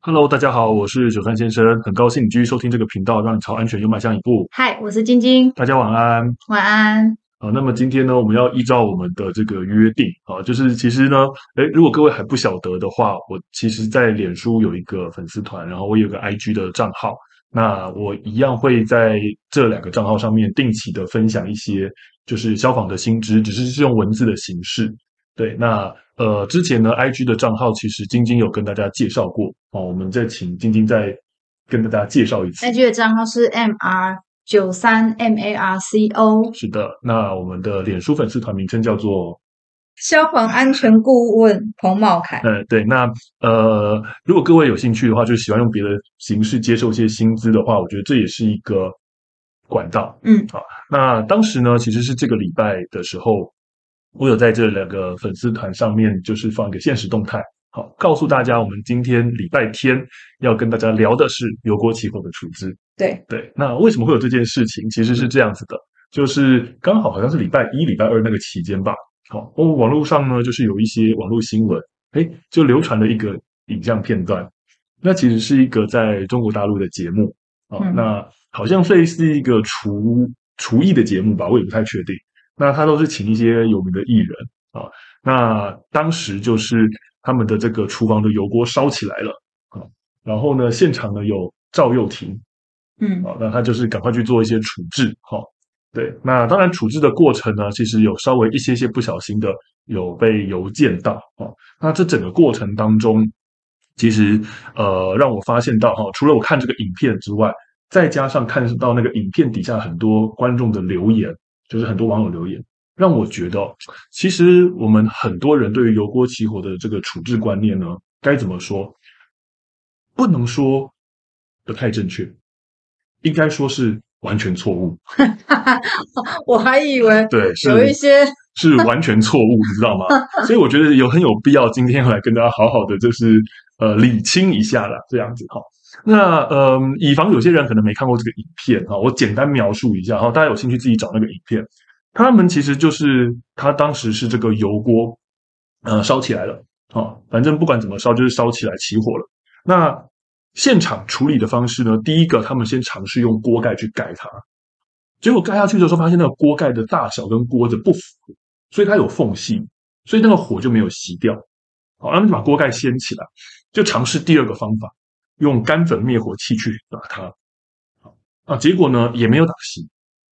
Hello，大家好，我是九三先生，很高興你繼續收聽這個頻道，讓你朝安全又邁向一步。嗨，我是晶晶，大家晚安，晚安。好、啊，那麼今天呢，我們要依照我們的這個約定啊，就是其實呢誒，如果各位還不曉得的話，我其實，在臉書有一個粉絲團，然後我有個 IG 的賬號，那我一樣會在這兩個賬號上面定期的分享一些就是消防的新知，只是是用文字的形式。對，那呃，之前呢，IG 的賬號其實晶晶有跟大家介紹過哦。我們再請晶晶再跟大家介紹一次。IG 的賬號是 MR 93 MARCO。是的，那我們的臉書粉絲團名稱叫做消防安全顧問彭茂凱。嗯、呃，對，那呃，如果各位有興趣的話，就喜歡用別的形式接受一些薪資的話，我覺得這也是一個管道。嗯，好，那當時呢，其實是這個禮拜的時候。我有在這兩個粉絲團上面，就是放一個現實動態，好告訴大家，我們今天禮拜天要跟大家聊的是油鍋起火的處置。對對，那為什麼會有這件事情？其實是這樣子的，嗯、就是剛好好像是禮拜一、禮拜二那個期間吧。好，哦、網絡上呢，就是有一些網絡新聞，哎，就流傳了一個影像片段。那其實是一個在中國大陸的節目啊，好嗯、那好像會是一個廚廚藝的節目吧？我也不太確定。那他都是請一些有名的藝人啊。那當時就是他們的這個廚房的油鍋燒起來了啊。然後呢，現場呢有趙又廷，嗯，啊，那他就是趕快去做一些處置。好，對。那當然處置的過程呢，其實有稍微一些些不小心的有被油濺到啊。那這整個過程當中，其實呃讓我發現到哈，除了我看這個影片之外，再加上看到那個影片底下很多觀眾的留言。就是很多網友留言，讓我覺得，其實我們很多人對於油鍋起火的這個處置觀念呢，該怎麼說？不能說不太正確，應該說是完全錯誤。 我還以為對，有一些 是完全錯誤，你知道嗎？所以我覺得有很有必要今天來跟大家好好的就是呃理清一下啦，這樣子哈。那呃，以防有些人可能沒看過這個影片啊，我簡單描述一下哈，大家有興趣自己找那個影片。他們其實就是他當時是這個油鍋呃燒起來了啊、哦，反正不管怎麼燒，就是燒起來起火了。那現場處理的方式呢，第一個他們先嘗試用鍋蓋去蓋它，結果蓋下去的時候發現那個鍋蓋的大小跟鍋子不符，所以它有縫隙，所以那個火就沒有熄掉。好、哦，他們就把鍋蓋掀起來，就嘗試第二個方法。用乾粉滅火器去打它，好啊，結果呢也沒有打熄，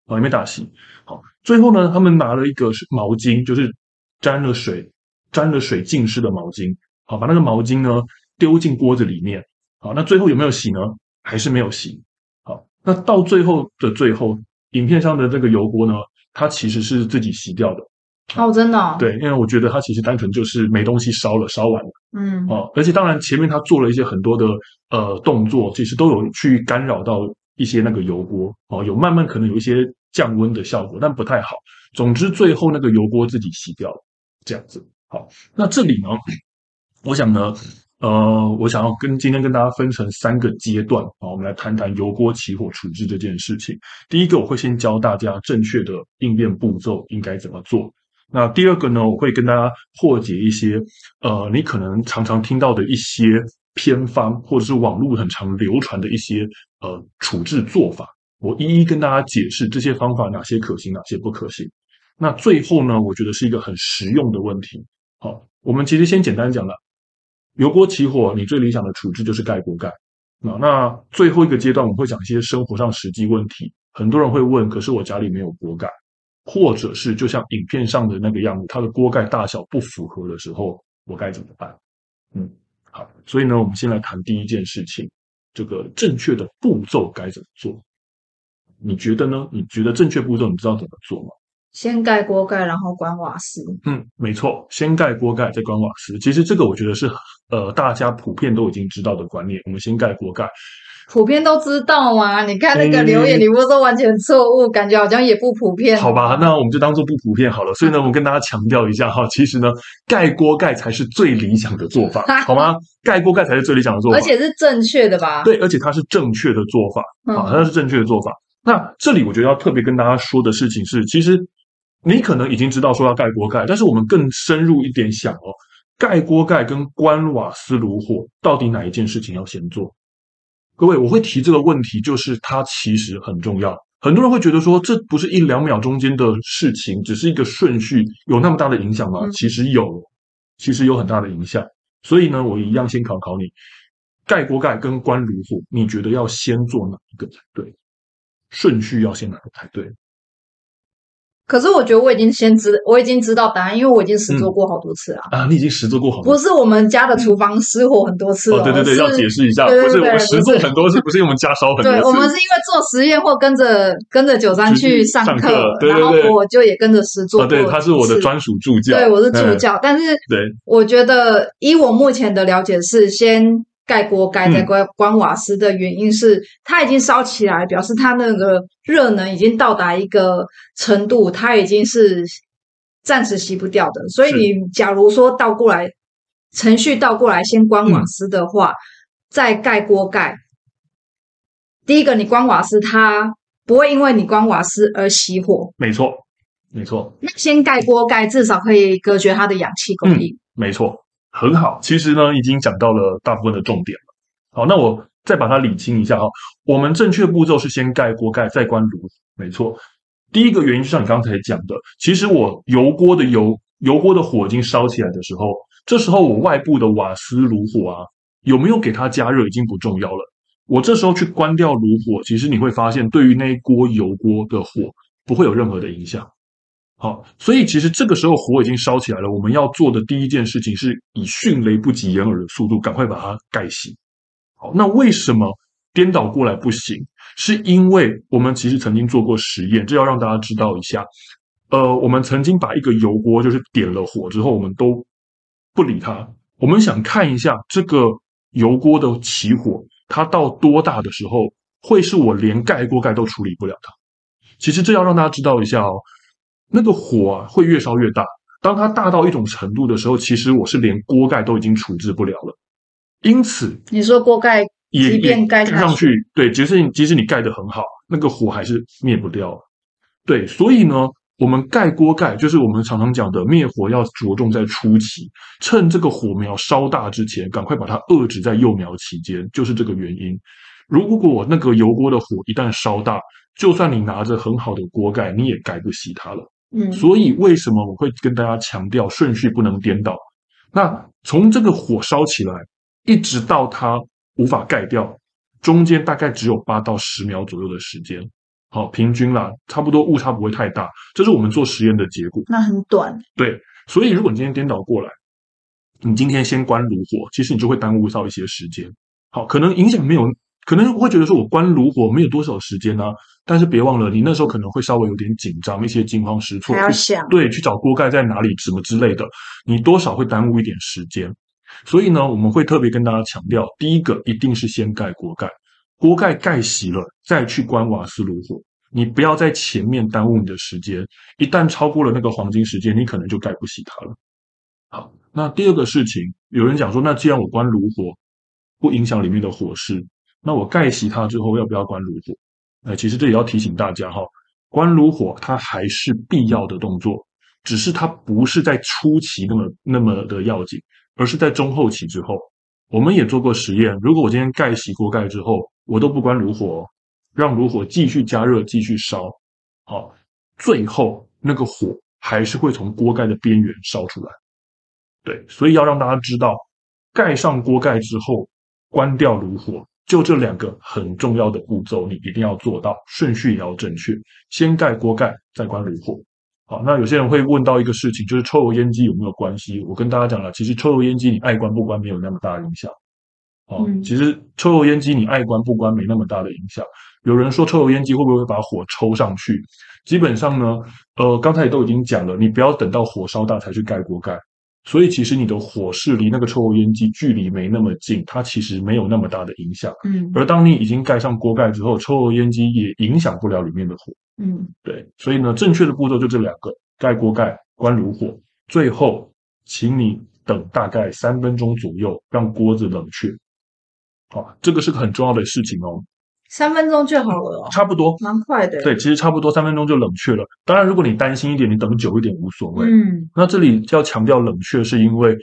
啊，也沒打熄，好、啊，最後呢，他們拿了一個毛巾，就是沾了水、沾了水浸濕的毛巾，好、啊，把那個毛巾呢丟進鍋子裡面，好、啊，那最後有沒有熄呢？還是沒有熄，好、啊，那到最後的最後，影片上的這個油鍋呢，它其實是自己熄掉的。哦，真的、哦，對，因為我覺得它其實單純就是沒東西燒了，燒完了，嗯，哦，而且當然前面他做了一些很多的呃動作，其實都有去干擾到一些那個油鍋，哦，有慢慢可能有一些降溫的效果，但不太好。總之最後那個油鍋自己熄掉了，這樣子。好、哦，那這裡呢，我想呢，呃，我想要跟今天跟大家分成三個階段，啊、哦，我們來談談油鍋起火處置這件事情。第一個，我會先教大家正確的應變步驟應該怎麼做。那第二個呢，我會跟大家破解一些，呃，你可能常常聽到的一些偏方，或者是網絡很常流傳的一些呃處置做法，我一一跟大家解釋這些方法哪些可行，哪些不可行。那最後呢，我覺得是一個很實用的問題。好、哦，我們其實先簡單講了，油鍋起火，你最理想的處置就是蓋鍋蓋。那、哦、那最後一個階段，我們會講一些生活上實際問題。很多人會問，可是我家裡沒有鍋蓋。或者是就像影片上的那個樣子，它的鍋蓋大小不符合的時候，我該怎麼辦？嗯，好，所以呢，我們先來談第一件事情，這個正確的步驟該怎麼做？你覺得呢？你覺得正確步驟，你知道怎麼做嗎？先蓋鍋蓋，然後關瓦斯。嗯，沒錯，先蓋鍋蓋，再關瓦斯。其實這個我覺得是呃大家普遍都已經知道的觀念。我們先蓋鍋蓋。普遍都知道啊，你看那個留言，嗯、你不是說完全錯誤，嗯、感覺好像也不普遍。好吧，那我們就當做不普遍好了。所以呢，我們跟大家強調一下哈，其實呢，蓋鍋蓋才是最理想的做法， 好嗎？蓋鍋蓋才是最理想的做法，而且是正確的吧？對，而且它是正確的做法啊，它是正確的做法。嗯、那這裡我覺得要特別跟大家說的事情是，其實你可能已經知道說要蓋鍋蓋，但是我們更深入一點想哦，蓋鍋蓋跟關瓦斯爐火，到底哪一件事情要先做？各位，我會提這個問題，就是它其實很重要。很多人會覺得說，這不是一兩秒中間的事情，只是一個順序，有那麼大的影響嗎？其實有，其實有很大的影響。所以呢，我一樣先考考你：蓋鍋蓋跟關爐火，你覺得要先做哪一個才對？順序要先哪個才對？可是我覺得我已經先知，我已經知道答案，因為我已經實做過好多次了。啊，你已經實做過好多次。不是我們家的廚房失火很多次了。對對對，要解釋一下，不是實做很多次，不是因為我們家燒很多？對，我們是因為做實驗或跟着跟着九三去上課，然後我就也跟着實做。對，他是我的專屬助教，對，我是助教，但是。對。我覺得，以我目前的了解，是先。蓋鍋蓋再關關瓦斯的原因是，它已經燒起來，表示它那個熱能已經到達一個程度，它已經是暫時熄不掉的。所以你假如說倒過來程序，倒過來，先關瓦斯的話，再蓋鍋蓋。第一個，你關瓦斯，它不會因為你關瓦斯而熄火沒。沒錯，沒錯。那先蓋鍋蓋，至少可以隔絕它的氧氣供應。嗯。沒錯。很好，其實呢，已經講到了大部分的重點了。好，那我再把它理清一下哈。我們正確步驟是先蓋鍋蓋，再關爐。沒錯，第一個原因就像你剛才講的，其實我油鍋的油、油鍋的火已經燒起來的時候，這時候我外部的瓦斯爐火啊，有沒有給它加熱已經不重要了。我這時候去關掉爐火，其實你會發現，對於那一鍋油鍋的火，不會有任何的影響。好，所以其實這個時候火已經燒起來了。我們要做的第一件事情，是以迅雷不及掩耳的速度趕快把它蓋熄。好，那為什麼顛倒過來不行？是因為我們其實曾經做過實驗，這要讓大家知道一下。呃，我們曾經把一個油鍋就是點了火之後，我們都不理它。我們想看一下這個油鍋的起火，它到多大的時候會是我連蓋鍋蓋都處理不了它？其實這要讓大家知道一下哦。那個火啊，會越燒越大，當它大到一種程度的時候，其實我是連鍋蓋都已經處置不了了。因此，你說鍋蓋也蓋上去，對，即使你即使你蓋得很好，那個火還是滅不掉。對，所以呢，我們蓋鍋蓋就是我們常常講的滅火要着重在初期，趁這個火苗燒大之前，趕快把它遏制在幼苗期間，就是這個原因。如果那個油鍋的火一旦燒大，就算你拿着很好的鍋蓋，你也蓋不熄它了。嗯，所以為什麼我會跟大家強調順序不能顛倒？那從這個火燒起來，一直到它無法蓋掉，中間大概只有八到十秒左右的時間，好，平均啦，差不多誤差不會太大，這是我們做實驗的結果。那很短。對，所以如果你今天顛倒過來，你今天先關爐火，其實你就會耽誤到一些時間。好，可能影響沒有。可能會覺得說，我關爐火沒有多少時間呢、啊，但是別忘了，你那時候可能會稍微有點緊張，一些驚慌失措，還要想去對去找鍋蓋在哪裡什麼之類的，你多少會耽誤一點時間。所以呢，我們會特別跟大家強調，第一個一定是先蓋鍋蓋，鍋蓋蓋熄了再去關瓦斯爐火，你不要在前面耽誤你的時間。一旦超過了那個黃金時間，你可能就蓋不熄它了。好，那第二個事情，有人講說，那既然我關爐火不影響裡面的火勢。那我蓋熄它之後要不要關爐火？哎，其實這也要提醒大家哈，關爐火它還是必要的動作，只是它不是在初期那麼那麼的要緊，而是在中後期之後。我們也做過實驗，如果我今天蓋熄鍋蓋之後，我都不關爐火，讓爐火繼續加熱、繼續燒，好，啊，最後那個火還是會從鍋蓋的邊緣燒出來。對，所以要讓大家知道，蓋上鍋蓋之後，關掉爐火。就這兩個很重要的步驟，你一定要做到，順序也要正確，先蓋鍋蓋，再關爐火。好，那有些人會問到一個事情，就是抽油煙機有沒有關係？我跟大家講了，其實抽油煙機你愛關不關沒有那麼大的影響。哦，其實抽油煙機你愛關不關沒那麼大的影響。嗯、有人說抽油煙機會不會把火抽上去？基本上呢，呃，剛才也都已經講了，你不要等到火燒大才去蓋鍋蓋。所以其實你的火勢離那個抽油煙機距離沒那麼近，它其實沒有那麼大的影響。嗯，而當你已經蓋上鍋蓋之後，抽油煙機也影響不了裡面的火。嗯，對。所以呢，正確的步驟就這兩個：蓋鍋蓋，關爐火。最後，請你等大概三分鐘左右，讓鍋子冷卻。好、啊，這個是個很重要的事情哦。三分鐘就好了哦，差不多，蠻快的。對，其實差不多三分鐘就冷卻了。當然，如果你擔心一點，你等久一點無所謂。嗯，那這裡要強調冷卻，是因為，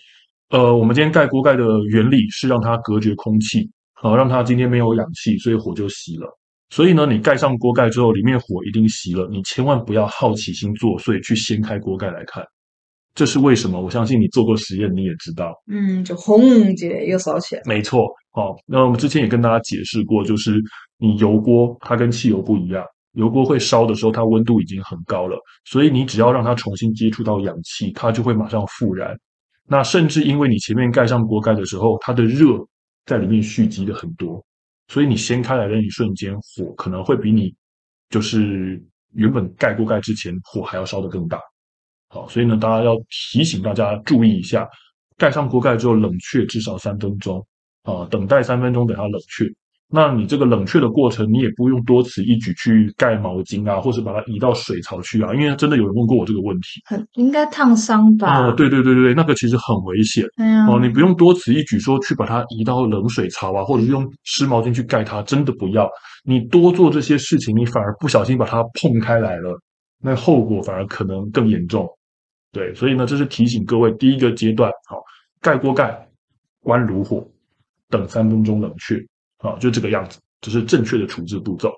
呃，我們今天蓋鍋蓋的原理是讓它隔絕空氣，啊，呃，讓它今天沒有氧氣，所以火就熄了。所以呢，你蓋上鍋蓋之後，裡面火一定熄了，你千萬不要好奇心作祟去掀開鍋蓋來看。這是為什麼？我相信你做過實驗，你也知道。嗯，就轟，直接又燒起來。沒錯，好、哦，那我們之前也跟大家解釋過，就是你油鍋它跟汽油不一樣，油鍋會燒的時候，它溫度已經很高了，所以你只要讓它重新接觸到氧氣，它就會馬上復燃。那甚至因為你前面蓋上鍋蓋的時候，它的熱在裡面蓄積的很多，所以你掀開來的一瞬間，火可能會比你就是原本蓋鍋蓋之前，火還要燒得更大。好，所以呢，大家要提醒大家注意一下，蓋上鍋蓋之後冷卻至少三分鐘啊、呃，等待三分鐘等它冷卻。那你這個冷卻的過程，你也不用多此一舉去蓋毛巾啊，或者把它移到水槽去啊，因為真的有人問過我這個問題。很，應該燙傷吧？啊、呃，對對對對對，那個其實很危險。哦、哎呀呃，你不用多此一舉說去把它移到冷水槽啊，或者用濕毛巾去蓋它，真的不要。你多做這些事情，你反而不小心把它碰開來了。那後果反而可能更嚴重，對，所以呢，這是提醒各位，第一個階段，好、哦，蓋鍋蓋，關爐火，等三分鐘冷卻，好、哦，就這個樣子，這、就是正確的處置步驟。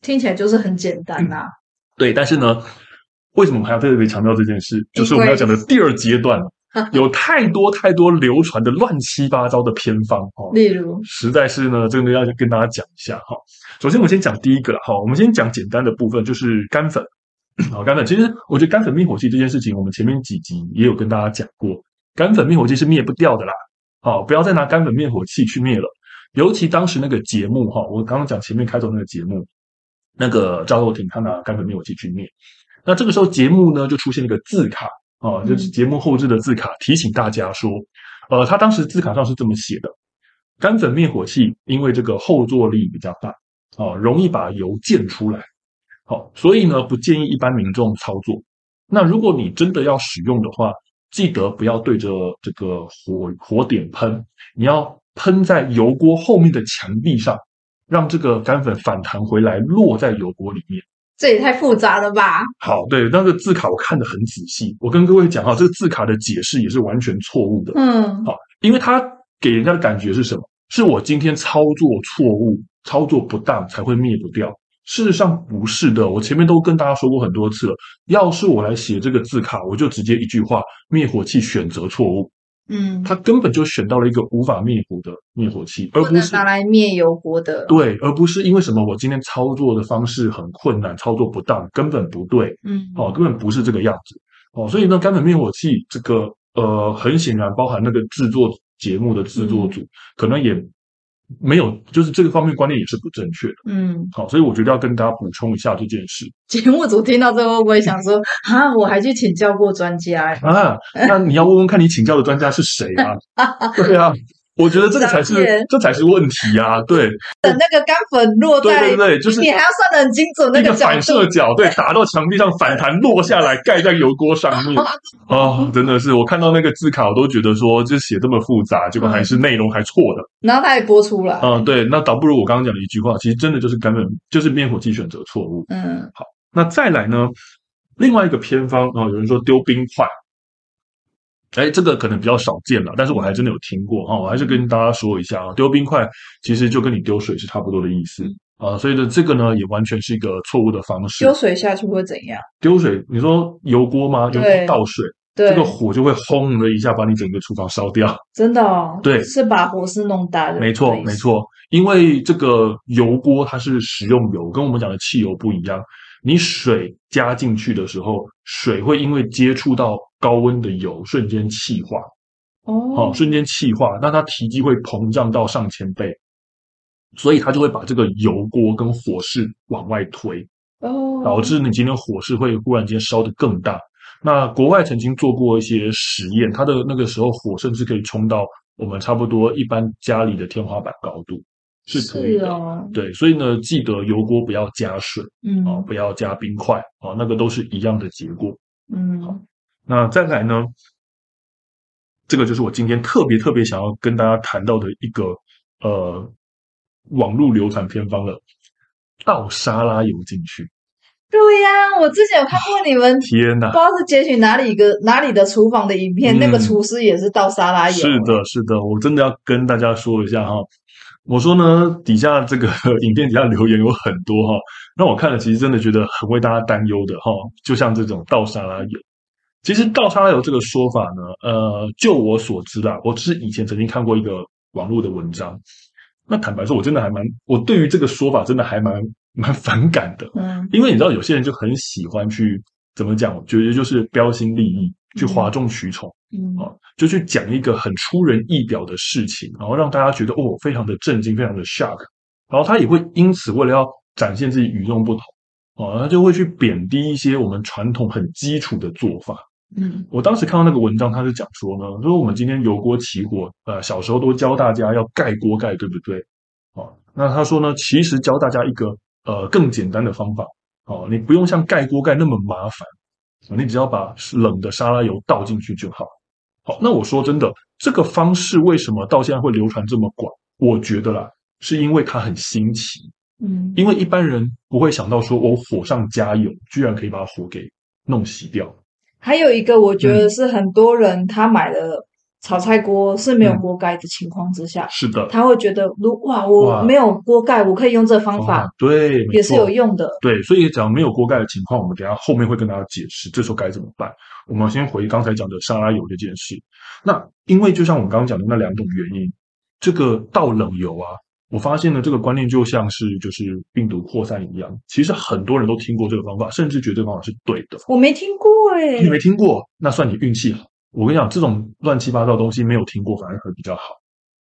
聽起來就是很簡單吶、啊嗯。對，但是呢，為什麼還要特別強調這件事？ 就是我們要講的第二階段 有太多太多流傳的亂七八糟的偏方，哦，例如，實在是呢，真的要跟大家講一下哈、哦。首先，我們先講第一個啦，好、哦，我們先講簡單的部分，就是乾粉。好，乾粉其實我覺得乾粉滅火器這件事情，我們前面幾集也有跟大家講過，乾粉滅火器是滅不掉的啦。好、哦，不要再拿乾粉滅火器去滅了。尤其當時那個節目哈，我剛剛講前面開頭那個節目，那個趙又廷他拿乾粉滅火器去滅，那這個時候節目呢就出現了一個字卡啊、哦，就是節目後製的字卡提醒大家說，呃，他當時字卡上是這麼寫的：乾粉滅火器因為這個後坐力比較大啊、哦，容易把油濺出來。好、哦，所以呢，不建議一般民眾操作。那如果你真的要使用的話，記得不要對着這個火火點噴，你要噴在油鍋後面的牆壁上，讓這個乾粉反彈回來落在油鍋裡面。這也太複雜了吧？好，對，那個字卡我看得很仔細，我跟各位講哈，這個字卡的解釋也是完全錯誤的。嗯，好，因為他給人家的感覺是什麼？是我今天操作錯誤、操作不當才會滅不掉。事實上不是的，我前面都跟大家說過很多次了。要是我來寫這個字卡，我就直接一句話：滅火器選擇錯誤。嗯，他根本就選到了一個無法滅火的滅火器，而不是拿來滅油鍋的。對，而不是因為什麼我今天操作的方式很困難，操作不當，根本不對。嗯，哦，根本不是這個樣子。哦，所以呢乾粉滅火器這個，呃，很顯然包含那個製作節目的制作組，嗯、可能也。沒有，就是這個方面觀念也是不正確的。嗯，好，所以我覺得要跟大家補充一下這件事。節目組聽到這個會不會想說啊？我還去請教過專家呀，欸。啊，那你要問問看你請教的專家是誰啊？ 對啊。我覺得這個才是確這才是問題啊！對，等那個乾粉落在……對對對，就是你還要算得很精準，那個反射角，對，對，打到牆壁上反彈落下來， 蓋在油鍋上面。啊、 哦，真的是，我看到那個字卡我都覺得說，就寫這麼複雜，結果還是內容還錯的。嗯、然後它也播出了。啊、嗯，對，那倒不如我剛剛講的一句話，其實真的就是乾粉，就是滅火器選擇錯誤。嗯，好，那再來呢？另外一個偏方啊、呃，有人說丟冰塊。哎，這個可能比較少見了，但是我還真的有聽過哈、哦，我還是跟大家說一下啊，丟冰塊其實就跟你丟水是差不多的意思啊、呃，所以呢，這個呢也完全是一個錯誤的方式。丟水下去會怎樣？丟水，你說油鍋嗎？油鍋對倒水，對這個火就會轟的一下把你整個廚房燒掉。真的哦。對，是把火勢弄大的。沒錯，沒錯，因為這個油鍋它是食用油，跟我們講的汽油不一樣，你水加進去的時候。水會因為接觸到高溫的油，瞬間氣化，哦，oh. 瞬間氣化，那它體積會膨脹到上千倍，所以它就會把這個油鍋跟火勢往外推，哦，oh. 導致你今天火勢會忽然間燒得更大。那國外曾經做過一些實驗，它的那個時候火甚至可以衝到我們差不多一般家裡的天花板高度。是可以的是哦，對，所以呢，記得油鍋不要加水，嗯，啊、哦，不要加冰塊，啊、哦，那個都是一樣的結果，嗯，好。那再來呢，這個就是我今天特別特別想要跟大家談到的一個呃，網絡流傳偏方了，倒沙拉油進去。對呀，我之前有看過你們， 天哪，不知道是截取哪裡一個哪裡的廚房的影片，嗯，那個廚師也是倒沙拉油。是的，是的，我真的要跟大家說一下哈。我說呢，底下這個影片，底下留言有很多哈、哦，那我看了其實真的覺得很為大家擔憂的哈、哦，就像這種倒沙拉油，其實倒沙拉油這個說法呢，呃，就我所知啦、啊。我只是以前曾經看過一個網絡的文章。那坦白說，我真的還蠻，我對於這個說法真的還蠻蠻反感的，嗯。因為你知道有些人就很喜歡去怎麼講，我覺得就是標新立異。去嘩眾取寵，嗯啊，就去講一個很出人意表的事情，嗯、然後讓大家覺得哦，非常的震驚，非常的 shock，然後他也會因此為了要展現自己與眾不同，啊，他就會去貶低一些我們傳統很基礎的做法，嗯，我當時看到那個文章，他是講說呢，說我們今天油鍋起火，呃，小時候都教大家要蓋鍋蓋，對不對？啊，那他說呢，其實教大家一個呃更簡單的方法，哦、啊，你不用像蓋鍋蓋那麼麻煩。你只要把冷的沙拉油倒進去就好。好，那我說真的，這個方式為什麼到現在會流傳這麼廣？我覺得啦，是因為它很新奇。嗯，因為一般人不會想到說我火上加油，居然可以把火給弄熄掉。還有一個，我覺得是很多人他買了。嗯。炒菜鍋是沒有鍋蓋的情況之下。嗯，是的，他會覺得，如哇，我沒有鍋蓋，哇我可以用這方法，對，也是有用的，對。所以只要沒有鍋蓋的情況，我們等一下後面會跟大家解釋，這時候該怎麼辦。我們先回剛才講的沙拉油這件事。那因為就像我們剛剛講的那兩種原因，這個倒冷油啊，我發現呢這個觀念就像是就是病毒擴散一樣，其實很多人都聽過這個方法，甚至覺得這方法是對的。我沒聽過哎、欸，你沒聽過，那算你運氣好。我跟你講，這種亂七八糟的東西沒有聽過反而會比較好。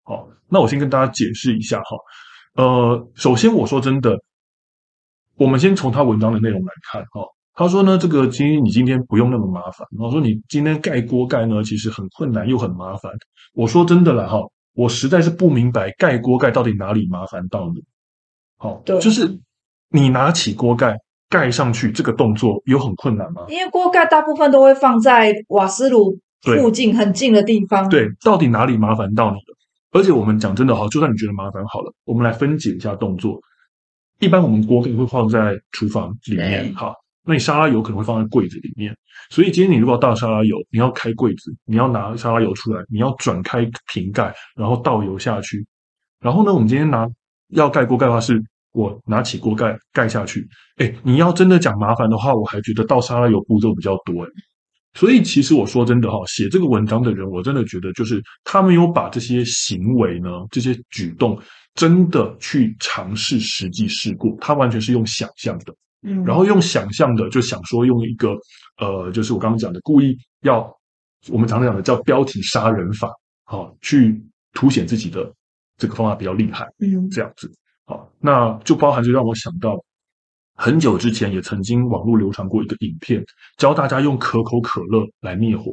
好，那我先跟大家解釋一下哈。呃，首先我說真的，我們先從他文章的內容來看哈。他說呢，這個其實你今天不用那麼麻煩。他說你今天蓋鍋蓋呢，其實很困難又很麻煩。我說真的了哈，我實在是不明白蓋鍋蓋到底哪裡麻煩到你。好對，就是你拿起鍋蓋蓋上去這個動作有很困難嗎？因為鍋蓋大部分都會放在瓦斯爐。對附近很近的地方，對，到底哪裡麻煩到你了？而且我們講真的哈，就算你覺得麻煩，好了，我們來分解一下動作。一般我們鍋可能會放在廚房裡面，欸、好，那你沙拉油可能會放在櫃子裡面。所以今天你如果要倒沙拉油，你要開櫃子，你要拿沙拉油出來，你要轉開瓶蓋，然後倒油下去。然後呢，我們今天拿要蓋鍋蓋的話是，是我拿起鍋蓋蓋下去。哎、欸，你要真的講麻煩的話，我還覺得倒沙拉油步驟比較多、欸所以，其實我說真的哈、哦，寫這個文章的人，我真的覺得就是他沒有把這些行為呢、這些舉動，真的去嘗試實際試過，他完全是用想象的，嗯，然後用想象的就想說用一個、嗯、呃，就是我剛剛講的，故意要，我們常常講的叫標題殺人法，好、哦，去凸顯自己的這個方法比較厲害，嗯、這樣子，好、哦，那就包含就讓我想到。很久之前也曾經網絡流傳過一個影片，教大家用可口可樂來滅火。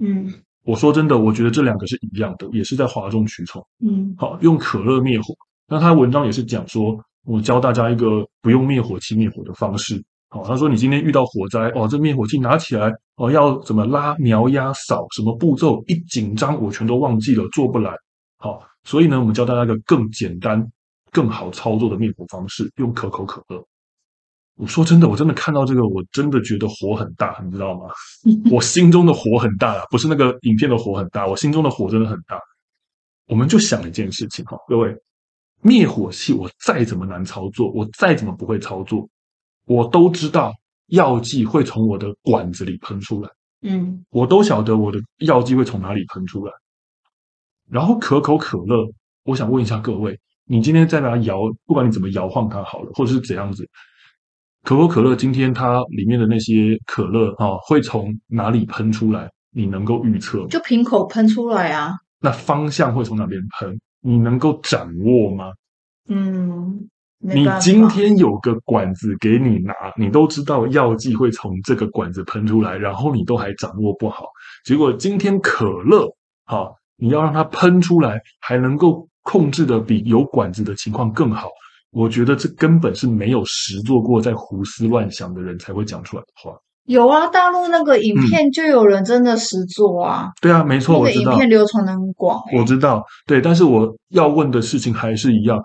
嗯，我說真的，我覺得這兩個是一樣的，也是在譁眾取寵。嗯，好、哦，用可樂滅火。那他文章也是講說，我教大家一個不用滅火器滅火的方式。好、哦，他說你今天遇到火災，哦，這滅火器拿起來，哦，要怎麼拉、瞄、壓、掃，什麼步驟？一緊張，我全都忘記了，做不來。好、哦，所以呢，我們教大家一個更簡單、更好操作的滅火方式，用可口可樂。我說真的，我真的看到這個，我真的覺得火很大，你知道嗎？ 我心中的火很大啊，不是那個影片的火很大，我心中的火真的很大。我們就想一件事情哈，各位，滅火器我再怎麼難操作，我再怎麼不會操作，我都知道藥劑會從我的管子裡噴出來，嗯，我都曉得我的藥劑會從哪裡噴出來。然後可口可樂，我想問一下各位，你今天在那搖，不管你怎麼搖晃它好了，或者是怎樣子。可口可樂今天它裡面的那些可樂啊、哦，會從哪裡噴出來？你能夠預測？就瓶口噴出來啊。那方向會從哪邊噴？你能夠掌握嗎？嗯，你今天有個管子給你拿，你都知道藥劑會從這個管子噴出來，然後你都還掌握不好。結果今天可樂哈、哦，你要讓它噴出來，還能夠控制得比有管子的情況更好。我覺得這根本是沒有實做過，在胡思亂想的人才會講出來的話。有啊，大陸那個影片就有人真的實做啊、嗯。對啊，沒錯，我知道。影片流傳得很廣，我知道。對，但是我要問的事情還是一樣，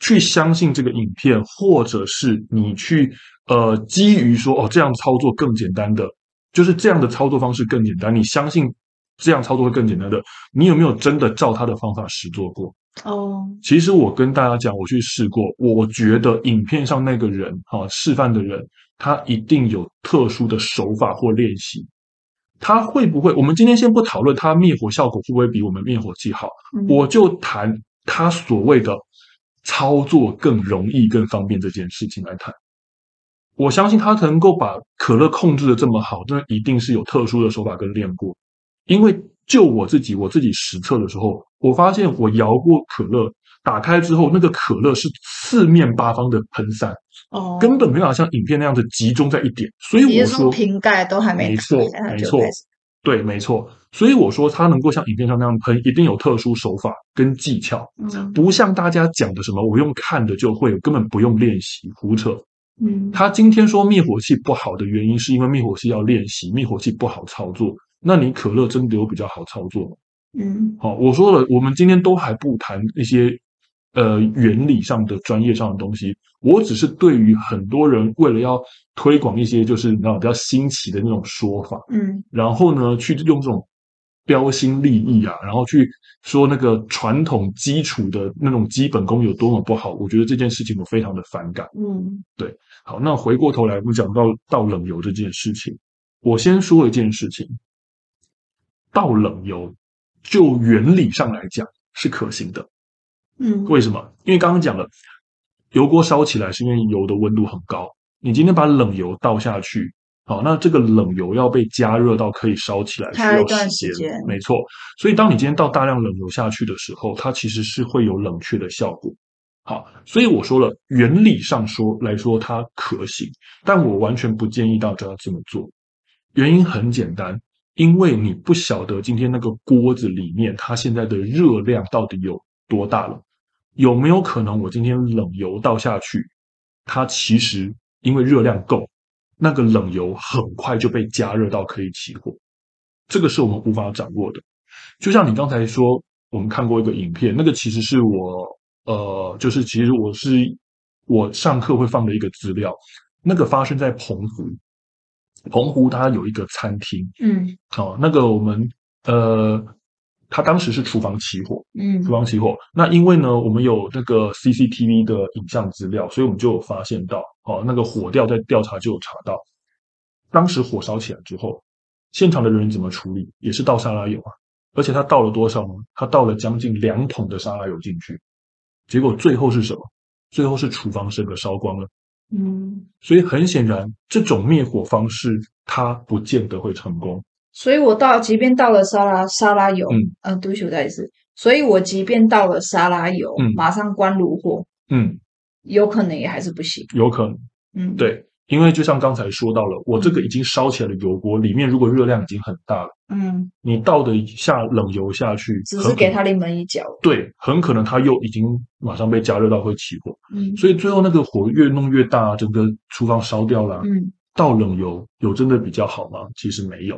去相信這個影片，或者是你去呃，基於說哦，這樣操作更簡單的，就是這樣的操作方式更簡單，你相信這樣操作會更簡單的，你有沒有真的照他的方法實做過？哦，oh. 其實我跟大家講，我去試過，我覺得影片上那個人哈、啊、示範的人，他一定有特殊的手法或練習。他會不會？我們今天先不討論他滅火效果會不會比我們滅火器好，嗯、我就談他所謂的操作更容易、更方便這件事情來談。我相信他能夠把可樂控制得這麼好，那一定是有特殊的手法跟練過，因為。就我自己，我自己實測的時候，我發現我搖過可樂，打開之後，那個可樂是四面八方的噴散，哦，根本沒有辦法像影片那樣子集中在一點。所以我說瓶蓋都還沒，沒錯，沒，沒錯，對，沒錯。所以我說它能夠像影片上那樣噴，一定有特殊手法跟技巧，嗯，不像大家講的什麼我用看的就會，根本不用練習，胡扯。嗯，他今天說滅火器不好的原因，是因為滅火器要練習，滅火器不好操作。那你可樂真的有比較好操作嗎？嗯，好，我說了，我們今天都還不談一些呃原理上的、專業上的東西。我只是對於很多人為了要推廣一些就是你知道比較新奇的那種說法，嗯，然後呢，去用這種標新立異啊，然後去說那個傳統基礎的那種基本功有多麼不好，我覺得這件事情我非常的反感。嗯，對，好，那回過頭來我們講到倒冷油這件事情，我先說一件事情。嗯倒冷油，就原理上來講是可行的。嗯，為什麼？因為剛剛講了，油鍋燒起來是因為油的溫度很高。你今天把冷油倒下去，好，那這個冷油要被加熱到可以燒起來，需要時間。時間沒錯，所以當你今天倒大量冷油下去的時候，它其實是會有冷卻的效果。好，所以我說了，原理上說來說它可行，但我完全不建議大家這，這麼做。原因很簡單。因為你不曉得今天那個鍋子裡面它現在的熱量到底有多大了。有沒有可能我今天冷油倒下去，它其實因為熱量夠，那個冷油很快就被加熱到可以起火？這個是我們無法掌握的。就像你剛才說，我們看過一個影片，那個其實是我呃，就是其實我是，我上課會放的一個資料，那個發生在澎湖。澎湖它有一個餐廳，嗯，好、哦，那個我們呃，他當時是廚房起火，嗯，廚房起火。那因為呢，我們有那個 CCTV 的影像資料，所以我們就有發現到，哦，那個火調在調查就有查到，當時火燒起來之後，現場的人怎麼處理？也是倒沙拉油啊，而且他倒了多少呢？他倒了將近兩桶的沙拉油進去，結果最後是什麼？最後是廚房整個燒光了。嗯，所以很顯然，這種滅火方式它不見得會成功。所以我到，即便到了沙拉，沙拉油，嗯，啊，對不起，我再一次。所以我即便到了沙拉油，嗯，馬上關爐火，嗯，有可能也還是不行，有可能，嗯，對。因為就像剛才說到了，我這個已經燒起來的油鍋裡面，如果熱量已經很大了，嗯，你倒的一下冷油下去，只是給它臨門一腳，對，很可能它又已經馬上被加熱到會起火，嗯，所以最後那個火越弄越大，整個廚房燒掉了，嗯，倒冷油有真的比較好嗎？其實沒有，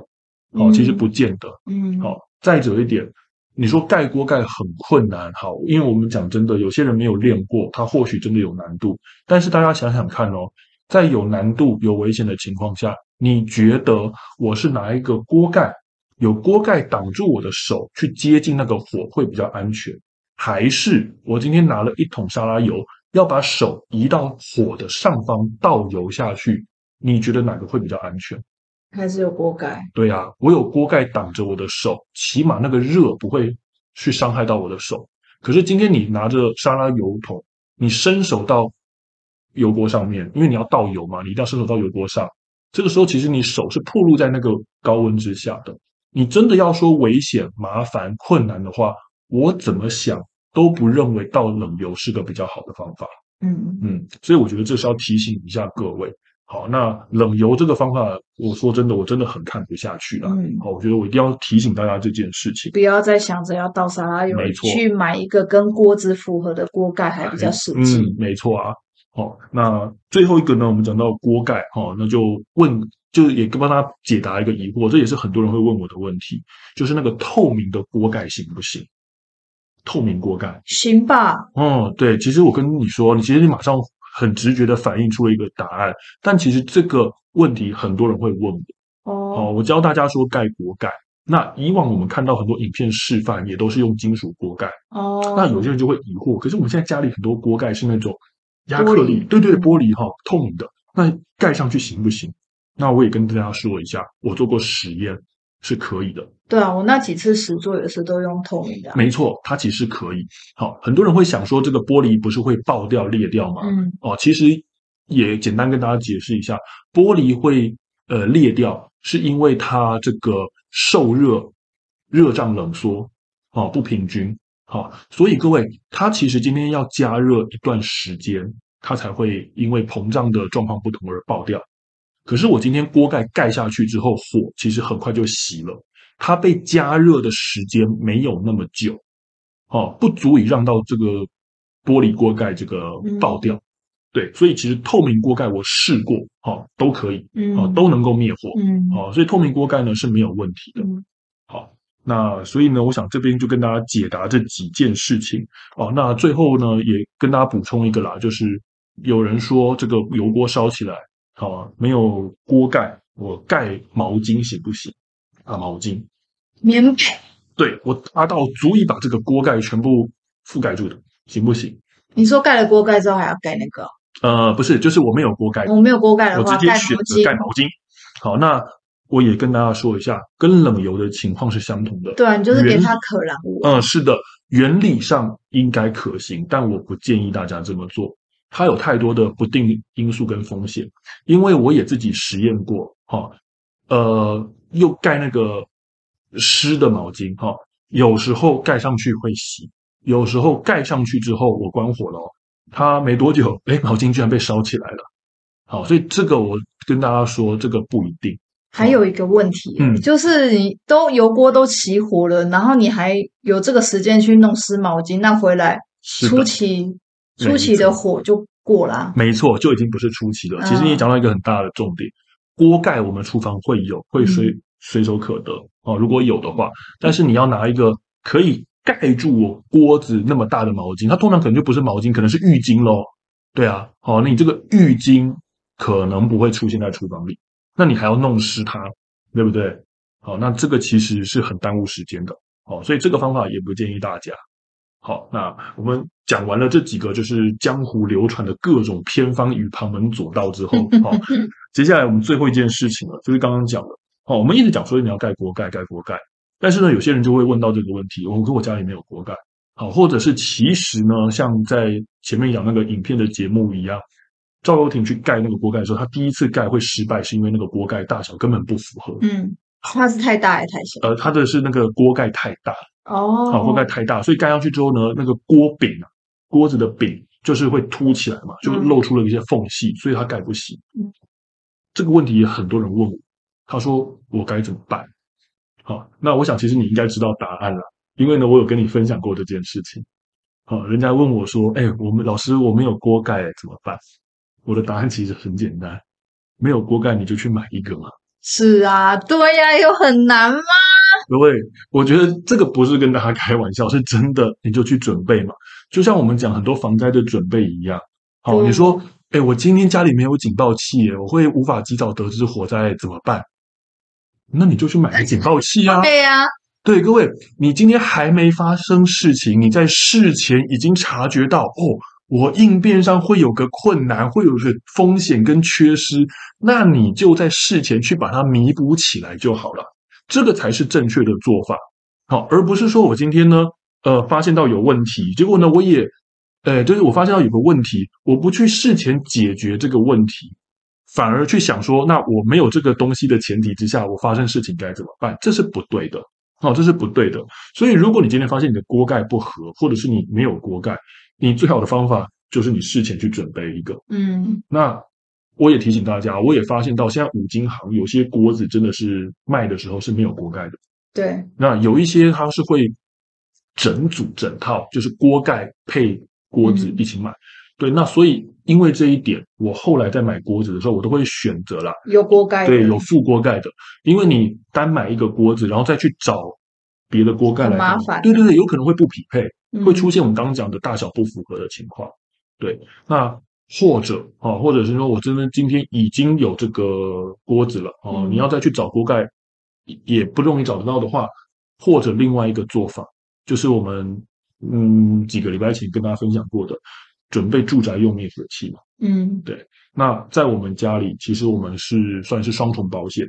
好、哦，其實不見得，嗯，好、哦，再者一點，你說蓋鍋蓋很困難，好，因為我們講真的，有些人沒有練過，他或許真的有難度，但是大家想想看哦。在有難度、有危險的情況下，你覺得我是拿一個鍋蓋，有鍋蓋擋住我的手去接近那個火會比較安全，還是我今天拿了一桶沙拉油，要把手移到火的上方倒油下去？你覺得哪個會比較安全？還是有鍋蓋？對啊，我有鍋蓋擋着我的手，起碼那個熱不會去傷害到我的手。可是今天你拿着沙拉油桶，你伸手到。油鍋上面，因為你要倒油嘛，你一定要伸手到油鍋上。這個時候，其實你手是暴露在那個高溫之下的。你真的要說危險、麻煩、困難的話，我怎麼想都不認為倒冷油是個比較好的方法。嗯嗯，所以我覺得這是要提醒一下各位。好，那冷油這個方法，我說真的，我真的很看不下去了。嗯。好，我覺得我一定要提醒大家這件事情，不要再想着要倒沙拉油，沒錯，去買一個跟鍋子符合的鍋蓋還比較實際。嗯。嗯，沒錯啊。好、哦，那最後一個呢？我們講到鍋蓋，好、哦，那就問，就也幫大家解答一個疑惑，這也是很多人會問我的問題，就是那個透明的鍋蓋行不行？透明鍋蓋行吧？哦，對，其實我跟你說，你其實你馬上很直覺的反映出了一個答案，但其實這個問題很多人會問我。哦，哦，我教大家說蓋鍋蓋。那以往我們看到很多影片示範，也都是用金屬鍋蓋。嗯、哦，那有些人就會疑惑，可是我們現在家裡很多鍋蓋是那種。壓克力，璃對對，玻璃哈、哦，透明的，那蓋上去行不行？那我也跟大家說一下，我做過實驗，是可以的。對啊，我那幾次實作也是都用透明的。沒錯，它其實可以。好、哦，很多人會想說，這個玻璃不是會爆掉裂掉嗎？嗯哦，其實也簡單跟大家解釋一下，玻璃會呃裂掉，是因為它這個受熱熱脹冷縮啊、哦、不平均。好、哦，所以各位，它其實今天要加熱一段時間，它才會因為膨脹的狀況不同而爆掉。可是我今天鍋蓋蓋，蓋下去之後，火其實很快就熄了，它被加熱的時間沒有那麼久，哦、不足以讓到這個玻璃鍋蓋這個爆掉。嗯、對，所以其實透明鍋蓋我試過，哦、都可以、哦，都能夠滅火、嗯哦，所以透明鍋蓋呢是沒有問題的。嗯那所以呢，我想這邊就跟大家解答這幾件事情哦。那最後呢，也跟大家補充一個啦，就是有人說這個油鍋燒起來，好、哦，沒有鍋蓋，我蓋毛巾行不行？啊，毛巾、棉被明，對我達到足以把這個鍋蓋全部覆蓋住的，行不行？你說蓋了鍋蓋之後還要蓋那個？呃，不是，就是我沒有鍋蓋，我沒有鍋蓋的話，我直接選擇蓋毛巾。好、哦，那。我也跟大家說一下，跟冷油的情況是相同的。對、啊，你就是給它可燃物。嗯原、呃，是的，原理上應該可行，但我不建議大家這麼做。它有太多的不定因素跟風險，因為我也自己實驗過。哈、哦，呃，又蓋那個濕的毛巾，哈、哦，有時候蓋上去會熄，有時候蓋上去之後我關火了，它沒多久，哎，毛巾居然被燒起來了。好、哦，所以這個我跟大家說，這個不一定。還有一個問題，嗯、就是你都油鍋都起火了，然後你還有這個時間去弄濕毛巾，那回來初期的初期的火就過啦？沒錯，就已經不是初期了。啊、其實你也講到一個很大的重點，鍋蓋我們廚房會有，會隨隨手可得哦，如果有的話，但是你要拿一個可以蓋住我鍋子那麼大的毛巾，它通常可能就不是毛巾，可能是浴巾咯。對啊，哦，那你這個浴巾可能不會出現在廚房裡。那你還要弄濕它，對不對？好，那這個其實是很耽誤時間的。好，所以這個方法也不建議大家。好，那我們講完了這幾個就是江湖流傳的各種偏方與旁門左道之後，好，接下來我們最後一件事情了，就是剛剛講的。好，我們一直講說你要蓋鍋蓋、蓋鍋蓋，但是呢，有些人就會問到這個問題，我如果家裡沒有鍋蓋，好，或者是其實呢，像在前面講那個影片的節目一樣。趙又廷去蓋那個鍋蓋的時候，他第一次蓋會失敗，是因為那個鍋蓋大小根本不符合。嗯，它是太大也太小。呃，他的是那個鍋蓋太大。哦，好、啊，鍋蓋太大，所以蓋上去之後呢，那個鍋柄啊，鍋子的柄就是會凸起來嘛，就露出了一些縫隙，嗯、所以它蓋不行、嗯、這個問題也很多人問我，他說我該怎麼辦？好、啊，那我想其實你應該知道答案了，因為呢，我有跟你分享過這件事情。好、啊，人家問我說：“哎，我們老師，我沒有鍋蓋怎麼辦？”我的答案其實很簡單，沒有鍋蓋你就去買一個嘛。是啊，對呀、啊，又很難嗎？各位，我覺得這個不是跟大家開玩笑，是真的，你就去準備嘛。就像我們講很多防災的準備一樣。好對、哦，你說，誒，我今天家裡沒有警報器，我會無法及早得知火災怎麼辦？那你就去買個警報器啊。 對呀、啊，對，各位，你今天還沒發生事情，你在事前已經察覺到哦。我應變上會有個困難，會有個風險跟缺失，那你就在事前去把它彌補起來就好了，這個才是正確的做法。好、哦，而不是說我今天呢，呃，發現到有問題，結果呢，我也，呃，就是我發現到有個問題，我不去事前解決這個問題，反而去想說，那我沒有這個東西的前提之下，我發生事情該怎麼辦？這是不對的，好、哦，這是不對的。所以，如果你今天發現你的鍋蓋不合，或者是你沒有鍋蓋，你最好的方法就是你事前去準備一個。嗯，那我也提醒大家，我也發現到現在五金行有些鍋子真的是賣的時候是沒有鍋蓋的。對，那有一些它是會整組整套，就是鍋蓋配鍋子一起買。嗯、對，那所以因為這一點，我後來在買鍋子的時候，我都會選擇啦。有鍋蓋，對，有附鍋蓋的，嗯、因為你單買一個鍋子，然後再去找別的鍋蓋來買，麻煩。對對對，有可能會不匹配。會出現我們剛剛講的大小不符合的情況，對。那或者啊，或者是說我真的今天已經有這個鍋子了哦，啊，你要再去找鍋蓋也不容易找得到的話，或者另外一個做法就是我們嗯幾個禮拜前跟大家分享過的，準備住宅用滅火器嘛。嗯，對。那在我們家裡，其實我們是算是雙重保險，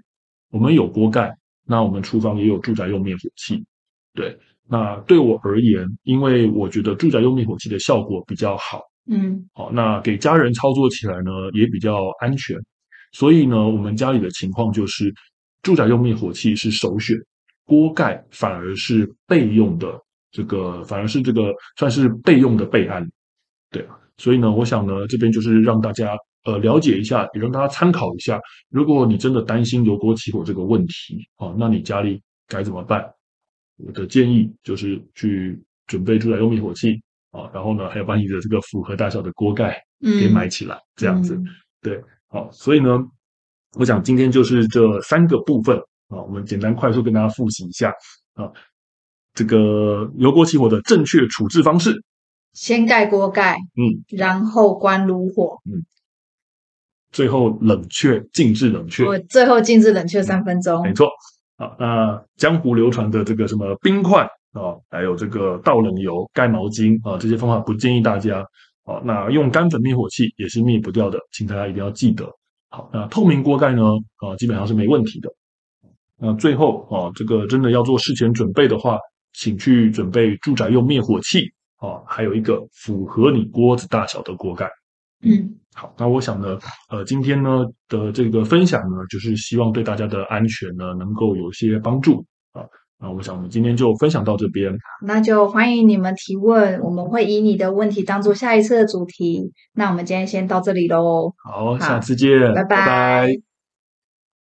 我們有鍋蓋，那我們廚房也有住宅用滅火器，對。那對我而言，因為我覺得住宅用滅火器的效果比較好，嗯，好，哦，那給家人操作起來呢也比較安全，所以呢，我們家裡的情況就是，住宅用滅火器是首選，鍋蓋反而是備用的，這個反而是這個算是備用的備案，對啊，所以呢，我想呢，這邊就是讓大家呃了解一下，也讓大家參考一下，如果你真的擔心油鍋起火這個問題，哦，那你家裡該怎麼辦？我的建議就是去準備住宅用滅火器啊，然後呢，還要把你的這個符合大小的鍋蓋給買起來，嗯、這樣子對。好，所以呢，我想今天就是這三個部分啊，我們簡單快速跟大家複習一下啊，這個油鍋起火的正確處置方式：先蓋鍋蓋，嗯，然後關爐火，嗯，最後冷卻靜置冷卻，我最後靜置冷卻三分鐘，嗯、沒錯。啊，那江湖流傳的這個什麼冰塊啊，還有這個倒冷油、蓋毛巾啊，這些方法不建議大家。啊，那用乾粉滅火器也是滅不掉的，請大家一定要記得。好，那透明鍋蓋呢？啊，基本上是沒問題的。那最後啊，這個真的要做事前準備的話，請去準備住宅用滅火器啊，還有一個符合你鍋子大小的鍋蓋。嗯。好，那我想呢，呃，今天呢的這個分享呢，就是希望對大家的安全呢能夠有些幫助啊。那我想我們今天就分享到這邊，那就歡迎你們提問，我們會以你的問題當做下一次的主題。那我們今天先到這裡嘍，好，好，下次見，拜拜。拜拜。